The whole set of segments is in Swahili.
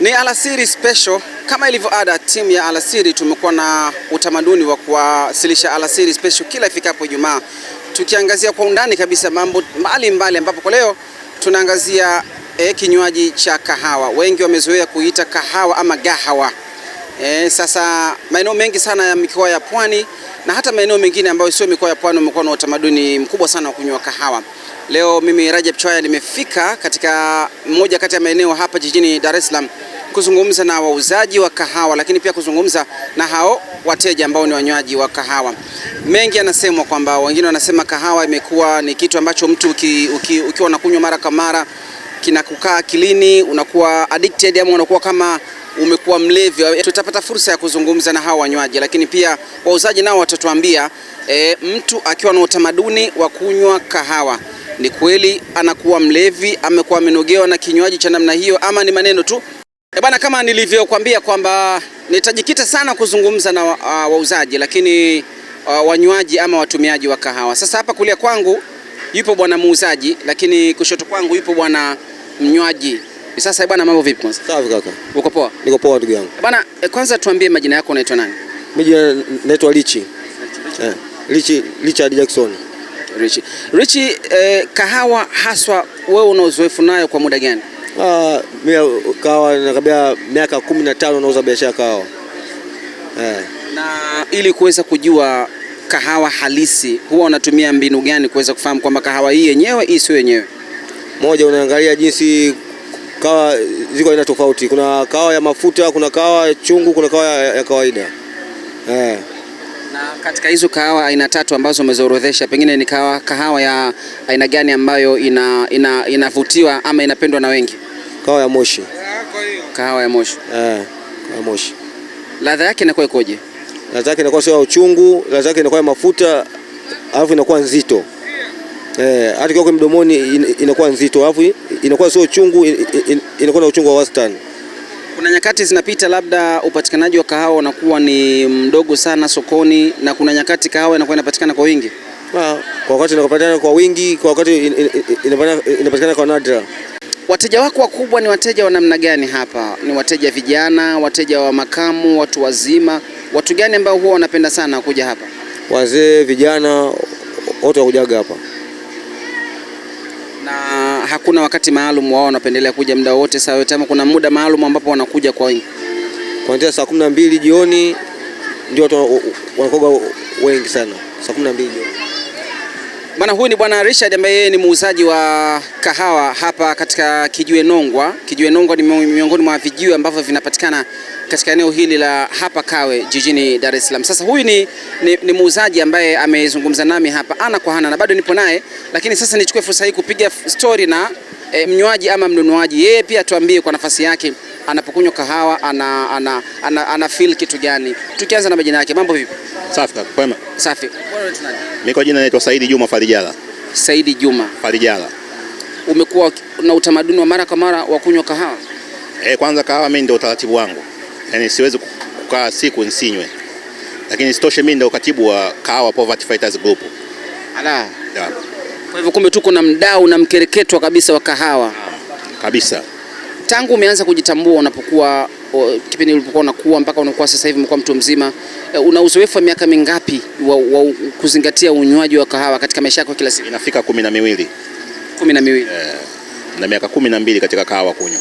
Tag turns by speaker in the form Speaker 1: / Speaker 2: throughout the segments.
Speaker 1: Ni alasiri special. Kama ilivyo ada, timu ya alasiri tumekuwa na utamaduni wa kuwasilisha alasiri special kila ifikapo Ijumaa, tukiangazia kwa undani kabisa mambo mbalimbali, ambapo kwa leo tunaangazia e, kinywaji cha kahawa. Wengi wamezoea kuita kahawa ama gahawa. E, sasa maeneo mengi sana ya mikoa ya pwani na hata maeneo mengine ambayo sio mikoa ya pwani wamekuwa na utamaduni mkubwa sana wa kunywa kahawa. Leo mimi Rajab Chwaya nimefika katika moja kati ya maeneo hapa jijini Dar es Salaam kuzungumza na wauzaji wa kahawa, lakini pia kuzungumza na hao wateja ambao ni wanywaji wa kahawa. Mengi yanasemwa kwamba wengine wanasema kahawa imekuwa ni kitu ambacho mtu uki, uki, ukiwa unakunywa mara kwa mara kinakukaa kilini unakuwa addicted ama unakuwa kama umekuwa mlevi. Tutapata fursa ya kuzungumza na hao wanywaji, lakini pia wauzaji nao watatuambia e, mtu akiwa na utamaduni wa kunywa kahawa ni kweli anakuwa mlevi, amekuwa amenogewa na kinywaji cha namna hiyo, ama ni maneno tu E bana, kama nilivyokuambia kwamba nitajikita sana kuzungumza na ah, wauzaji uh, lakini uh, wanywaji ama watumiaji wa kahawa. Sasa hapa kulia kwangu yupo bwana muuzaji, lakini kushoto kwangu yupo bwana mnywaji. Sasa bwana, mambo vipi kwanza? Safi kaka. Uko poa?
Speaker 2: Niko poa ndugu yangu.
Speaker 1: Bwana, e, kwanza tuambie majina yako, unaitwa nani?
Speaker 2: Mimi naitwa Richi. Eh, Richi Richard Jackson.
Speaker 1: Richi. Richi, eh, kahawa haswa wewe una uzoefu nayo kwa muda gani?
Speaker 2: Ah, mimi nakabia miaka kumi na tano nauza biashara kahawa eh.
Speaker 1: Na ili kuweza kujua kahawa halisi huwa unatumia mbinu gani kuweza kufahamu kwamba kahawa hii yenyewe hii sio yenyewe?
Speaker 2: Moja, unaangalia jinsi kahawa ziko aina tofauti. Kuna kahawa ya mafuta, kuna kahawa chungu, kuna kahawa ya, ya kawaida eh.
Speaker 1: Na katika hizo kahawa aina tatu ambazo umezoorodhesha, pengine ni kahawa, kahawa ya aina gani ambayo ina, ina, inavutiwa ama inapendwa na wengi? kahawa ya Moshi. Kahawa ya Moshi.
Speaker 2: Eh, ya Moshi.
Speaker 1: Ladha yake inakuwa ikoje?
Speaker 2: Ladha yake inakuwa sio ya uchungu, ladha yake inakuwa ya mafuta, alafu inakuwa nzito. Eh, hata kwa mdomoni inakuwa nzito, alafu inakuwa sio uchungu, inakuwa na uchungu wa wastani.
Speaker 1: Kuna nyakati zinapita labda upatikanaji wa kahawa unakuwa ni mdogo sana sokoni, na kuna nyakati kahawa inakuwa inapatikana kwa wingi.
Speaker 2: Ah, kwa wakati inapatikana kwa wingi, kwa wakati inapatikana kwa nadra.
Speaker 1: Wateja wako wakubwa ni wateja wa namna gani hapa? Ni wateja vijana, wateja wa makamu, watu wazima, watu gani ambao huwa wanapenda sana kuja hapa?
Speaker 2: Wazee, vijana, wote wakujaga hapa.
Speaker 1: Na hakuna wakati maalum wao wanapendelea kuja muda wote saa yote, ama kuna muda maalum ambapo wanakuja kwa wingi?
Speaker 2: Kuanzia saa kumi na mbili jioni ndio watu wanakoga wengi sana, saa kumi na mbili jioni.
Speaker 1: Bwana huyu ni Bwana Richard ambaye yeye ni muuzaji wa kahawa hapa katika Kijiwe Nongwa. Kijiwe Nongwa ni miongoni mwa vijiwe ambavyo vinapatikana katika eneo hili la hapa Kawe jijini Dar es Salaam. Sasa huyu ni, ni, ni muuzaji ambaye amezungumza nami hapa ana kwa ana na bado nipo naye, lakini sasa nichukue fursa hii kupiga stori na e, mnywaji ama mnunuaji, yeye pia tuambie kwa nafasi yake anapokunywa kahawa ana, ana, ana, ana, ana feel kitu gani. Tukianza na majina yake, mambo vipi? Safi kaka, kwema. Safi.
Speaker 2: Mimi kwa jina naitwa Saidi Juma Farijala.
Speaker 1: Saidi Juma Farijala. Umekuwa na utamaduni wa mara kwa mara wa kunywa kahawa?
Speaker 2: Eh, kwanza kahawa mimi ndio utaratibu wangu, yaani siwezi kukaa siku nsinywe, lakini sitoshe mimi ndio katibu wa Kahawa Poverty Fighters Group.
Speaker 1: Ala. Yeah. Kwa hivyo kumbe tuko na mdau na mkereketwa kabisa wa kahawa kabisa. Tangu umeanza kujitambua unapokuwa kipindi ulipokuwa unakuwa mpaka unakuwa sasa hivi umekuwa mtu mzima, eh, una uzoefu wa miaka mingapi wa, wa kuzingatia unywaji wa kahawa katika maisha yako kila siku?
Speaker 2: Inafika kumi na miwili,
Speaker 1: kumi na miwili eh,
Speaker 2: na miaka kumi na mbili katika kahawa kunywa.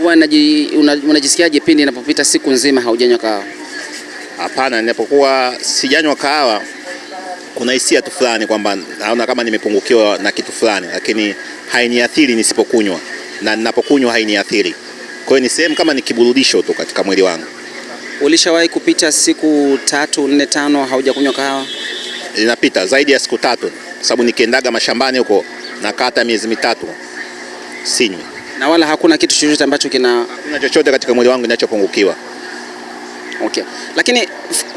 Speaker 1: Huwa unajisikiaje pindi inapopita siku nzima haujanywa kahawa?
Speaker 2: Hapana, ninapokuwa sijanywa kahawa kuna hisia tu fulani kwamba naona kama nimepungukiwa na kitu fulani, lakini hainiathiri nisipokunywa, na ninapokunywa hainiathiri. Kwa hiyo ni sehemu kama ni kiburudisho tu katika mwili wangu.
Speaker 1: Ulishawahi kupita siku tatu nne tano haujakunywa kahawa?
Speaker 2: Inapita zaidi ya siku tatu, sababu nikiendaga mashambani huko nakata miezi mitatu sinywi,
Speaker 1: na wala hakuna kitu chochote ambacho kina hakuna
Speaker 2: chochote katika mwili wangu kinachopungukiwa.
Speaker 1: Okay. Lakini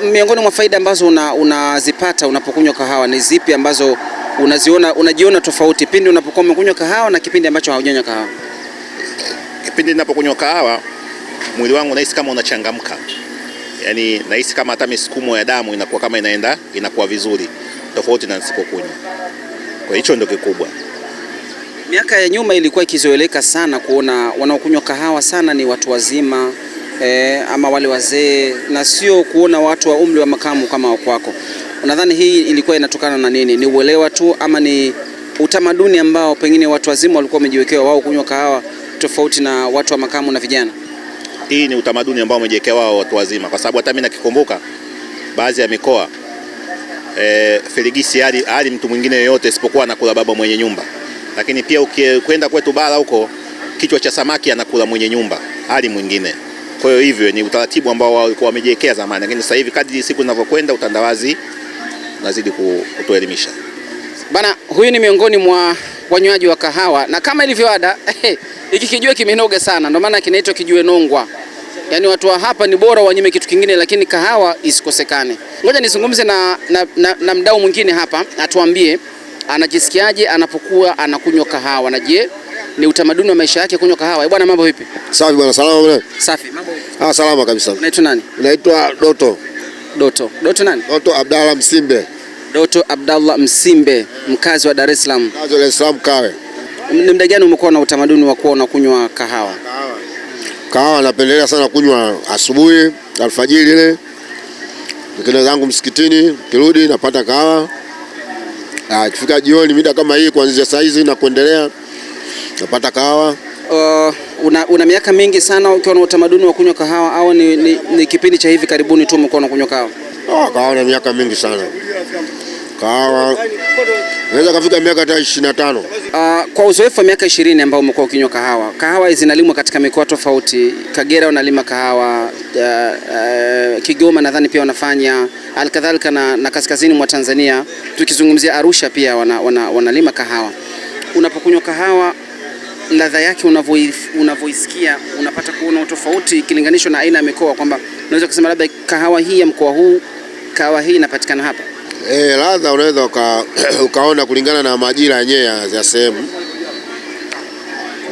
Speaker 1: miongoni mwa faida ambazo unazipata una unapokunywa kahawa ni zipi ambazo unaziona unajiona tofauti pindi unapokuwa umekunywa kahawa na kipindi ambacho haujanywa kahawa?
Speaker 2: pindi ninapokunywa kahawa mwili wangu nahisi kama unachangamka, yaani nahisi kama hata misukumo ya damu inakuwa kama inaenda inakuwa vizuri, tofauti na nisipokunywa. Kwa hicho ndio kikubwa.
Speaker 1: Miaka ya nyuma ilikuwa ikizoeleka sana kuona wanaokunywa kahawa sana ni watu wazima eh, ama wale wazee na sio kuona watu wa umri wa makamu kama wakwako. Unadhani hii ilikuwa inatokana na nini? Ni uelewa tu ama ni utamaduni ambao pengine watu wazima walikuwa wamejiwekewa wao kunywa kahawa tofauti na watu wa makamu na vijana?
Speaker 2: Hii ni utamaduni ambao umejiwekea wao watu wazima, kwa sababu hata mimi nakikumbuka baadhi ya mikoa e, filigisi hali, hali mtu mwingine yoyote isipokuwa anakula baba mwenye nyumba, lakini pia ukienda kwetu bara huko kichwa cha samaki anakula mwenye nyumba hali mwingine. Kwa hiyo hivyo ni utaratibu ambao walikuwa wamejiwekea zamani, lakini sasa hivi kadri siku zinavyokwenda utandawazi nazidi kutuelimisha
Speaker 1: bana. Huyu ni miongoni mwa wanywaji wa kahawa na kama ilivyo ada Hiki kijue kimenoga sana, ndio maana kinaitwa kijue nongwa. Yaani watu wa hapa ni bora wanyime kitu kingine, lakini kahawa isikosekane. Ngoja nizungumze na, na, na, na mdau mwingine hapa atuambie anajisikiaje anapokuwa anakunywa kahawa na je, ni utamaduni wa maisha yake kunywa kahawa. Eh, bwana mambo vipi?
Speaker 2: Safi bwana, salama bwana.
Speaker 1: Safi. Mambo vipi?
Speaker 2: Ah, salama kabisa. Unaitwa nani? Unaitwa Doto.
Speaker 1: Doto. Doto nani?
Speaker 2: Doto Abdallah Msimbe.
Speaker 1: Doto Abdallah Msimbe, mkazi wa Dar es Salaam.
Speaker 2: Mkazi wa Dar es Salaam Kawe.
Speaker 1: Ni muda gani umekuwa na utamaduni wa kuwa unakunywa kahawa?
Speaker 2: Kahawa napendelea sana kunywa asubuhi, alfajiri ile nikienda zangu msikitini, kirudi napata kahawa. Ah, ikifika jioni mida kama hii kuanzia saa hizi na kuendelea napata kahawa.
Speaker 1: Uh, una, una miaka mingi sana ukiwa na utamaduni wa kunywa kahawa au ni, ni, ni kipindi cha hivi karibuni tu umekuwa unakunywa kahawa?
Speaker 2: Oh, kahawa na miaka mingi sana kahawa Naweza kafika miaka hata 25. Uh,
Speaker 1: ah, kwa uzoefu wa miaka 20 ambao umekuwa ukinywa kahawa, kahawa zinalimwa katika mikoa tofauti. Kagera wanalima kahawa, uh, uh, Kigoma nadhani pia wanafanya alkadhalika na, na kaskazini mwa Tanzania tukizungumzia Arusha pia wana, wana, wanalima kahawa. Unapokunywa kahawa ladha yake unavyoisikia unapata kuona utofauti ikilinganishwa na aina ya mikoa, kwamba unaweza kusema labda kahawa hii ya mkoa huu, kahawa hii inapatikana hapa.
Speaker 2: E, ladha unaweza uka, ukaona kulingana na majira yenyewe ya sehemu.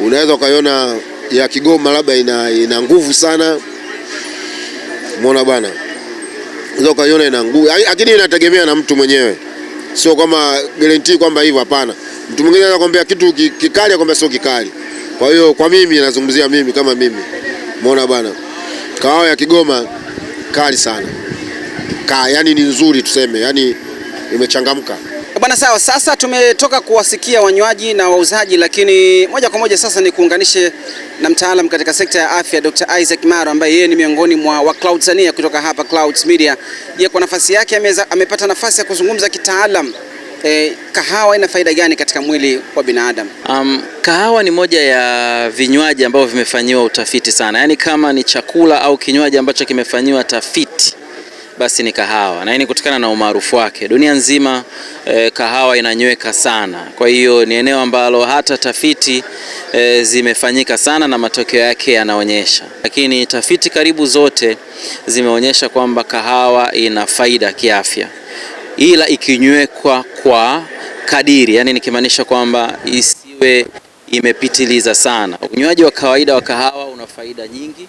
Speaker 2: Unaweza ukaiona ya Kigoma labda ina, ina nguvu sana, umeona bwana, unaweza ukaiona ina nguvu, lakini yaani inategemea na mtu mwenyewe, sio kama guarantee kwamba hivyo, hapana. Mtu mwingine anaweza kwambia kitu kikali akwambia sio kikali. Kwa hiyo kwa mimi nazungumzia mimi kama mimi, umeona bwana, kahawa ya Kigoma kali sana imekaa, yani ni nzuri tuseme, yani imechangamka.
Speaker 1: Bwana, sawa. Sasa tumetoka kuwasikia wanywaji na wauzaji, lakini moja kwa moja sasa ni kuunganishe na mtaalam katika sekta ya afya Dr. Isaac Maro ambaye yeye ni miongoni mwa wa Cloudsania kutoka hapa Clouds Media. Yeye kwa nafasi yake ameza, amepata nafasi ya kuzungumza kitaalam E, kahawa ina faida gani katika mwili wa binadamu?
Speaker 3: Um, kahawa ni moja ya vinywaji ambavyo vimefanyiwa utafiti sana, yaani kama ni chakula au kinywaji ambacho kimefanyiwa tafiti basi ni kahawa, na hii ni kutokana na umaarufu wake dunia nzima. Eh, kahawa inanyweka sana, kwa hiyo ni eneo ambalo hata tafiti eh, zimefanyika sana na matokeo yake yanaonyesha, lakini tafiti karibu zote zimeonyesha kwamba kahawa ina faida kiafya, ila ikinywekwa kwa kadiri, yani nikimaanisha kwamba isiwe imepitiliza sana. Unywaji wa kawaida wa kahawa una faida nyingi.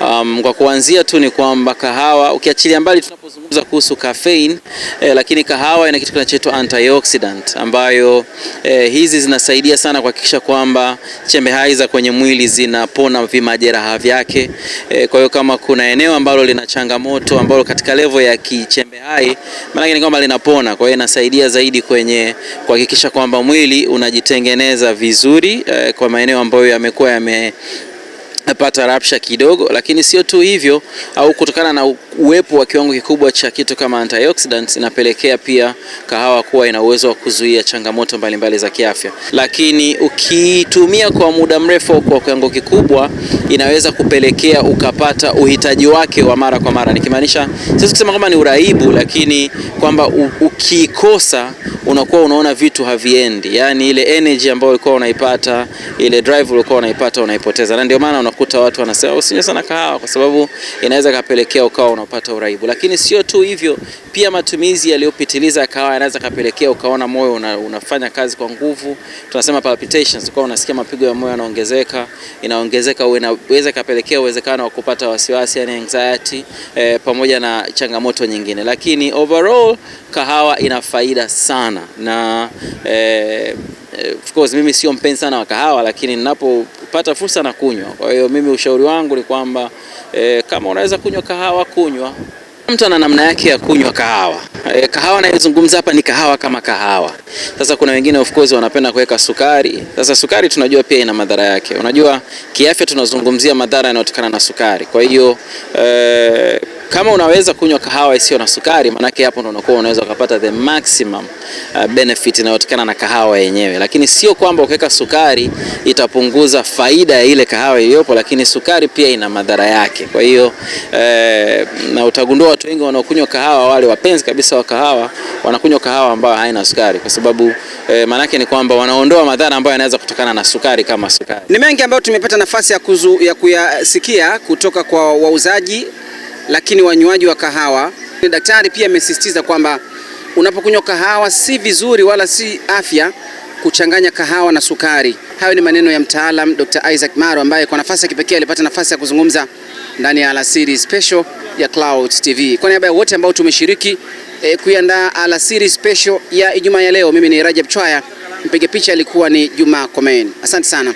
Speaker 3: Um, kwa kuanzia tu ni kwamba kahawa ukiachilia mbali tunapo kuhusu caffeine eh, lakini kahawa ina kitu kinachoitwa antioxidant ambayo eh, hizi zinasaidia sana kuhakikisha kwamba chembe hai za kwenye mwili zinapona vimajeraha vyake. Eh, kwa hiyo kama kuna eneo ambalo lina changamoto ambalo katika levo ya kichembe hai, maana ni kwamba linapona. Kwa hiyo inasaidia zaidi kwenye kuhakikisha kwamba mwili unajitengeneza vizuri eh, kwa maeneo ambayo yamekuwa yame pata rapsha kidogo, lakini sio tu hivyo, au kutokana na uwepo wa kiwango kikubwa cha kitu kama antioxidants inapelekea pia kahawa kuwa ina uwezo wa kuzuia changamoto mbalimbali za kiafya, lakini ukitumia kwa muda mrefu kwa kiwango kikubwa inaweza kupelekea ukapata uhitaji wake wa mara kwa mara, nikimaanisha sisi kusema kwamba ni uraibu, lakini kwamba ukikosa unakuwa unaona vitu haviendi, yani ile energy ambayo ulikuwa unaipata, ile drive ulikuwa unaipata unaipoteza, na ndio maana unakuta watu wanasema usinywe sana kahawa kwa sababu inaweza kapelekea ukawa wanaopata uraibu. Lakini sio tu hivyo, pia matumizi yaliyopitiliza kahawa yanaweza kapelekea ukaona moyo una, unafanya kazi kwa nguvu, tunasema palpitations, kwa unasikia mapigo ya moyo yanaongezeka, inaongezeka, inaweza kapelekea uwezekano wa kupata wasiwasi, yani anxiety, eh, pamoja na changamoto nyingine. Lakini overall kahawa ina faida sana na eh, eh Of course mimi sio mpenzi sana wa kahawa, lakini ninapopata fursa na kunywa. Kwa hiyo mimi ushauri wangu ni kwamba E, kama unaweza kunywa kahawa kunywa. Mtu ana namna yake ya kunywa kahawa. E, kahawa anayezungumza hapa ni kahawa kama kahawa. Sasa kuna wengine of course wanapenda kuweka sukari. Sasa sukari tunajua pia ina madhara yake. Unajua kiafya tunazungumzia madhara yanayotokana na sukari. Kwa hiyo e, kama unaweza kunywa kahawa isiyo na sukari, maanake hapo ndo unakuwa unaweza ukapata the maximum uh, benefit inayotokana na kahawa yenyewe, lakini sio kwamba ukiweka sukari itapunguza faida ya ile kahawa iliyopo, lakini sukari pia ina madhara yake. Kwa hiyo eh, na utagundua watu wengi wanaokunywa kahawa, wale wapenzi kabisa wa kahawa, wanakunywa kahawa ambayo haina sukari, kwa sababu eh, maanake ni kwamba wanaondoa madhara ambayo yanaweza kutokana na sukari kama sukari.
Speaker 1: Ni mengi ambayo tumepata nafasi ya, kuzu, ya kuyasikia kutoka kwa wauzaji lakini wanywaji wa kahawa. Daktari pia amesisitiza kwamba unapokunywa kahawa si vizuri wala si afya kuchanganya kahawa na sukari. Hayo ni maneno ya mtaalam Dr. Isaac Maro ambaye kwa nafasi ya kipekee alipata nafasi ya kuzungumza ndani ya alasiri special ya Clouds TV. Kwa niaba ya wote ambao tumeshiriki eh, kuiandaa alasiri special ya Ijumaa ya leo, mimi ni Rajab Chwaya, mpige picha alikuwa ni Juma Komen. Asante sana.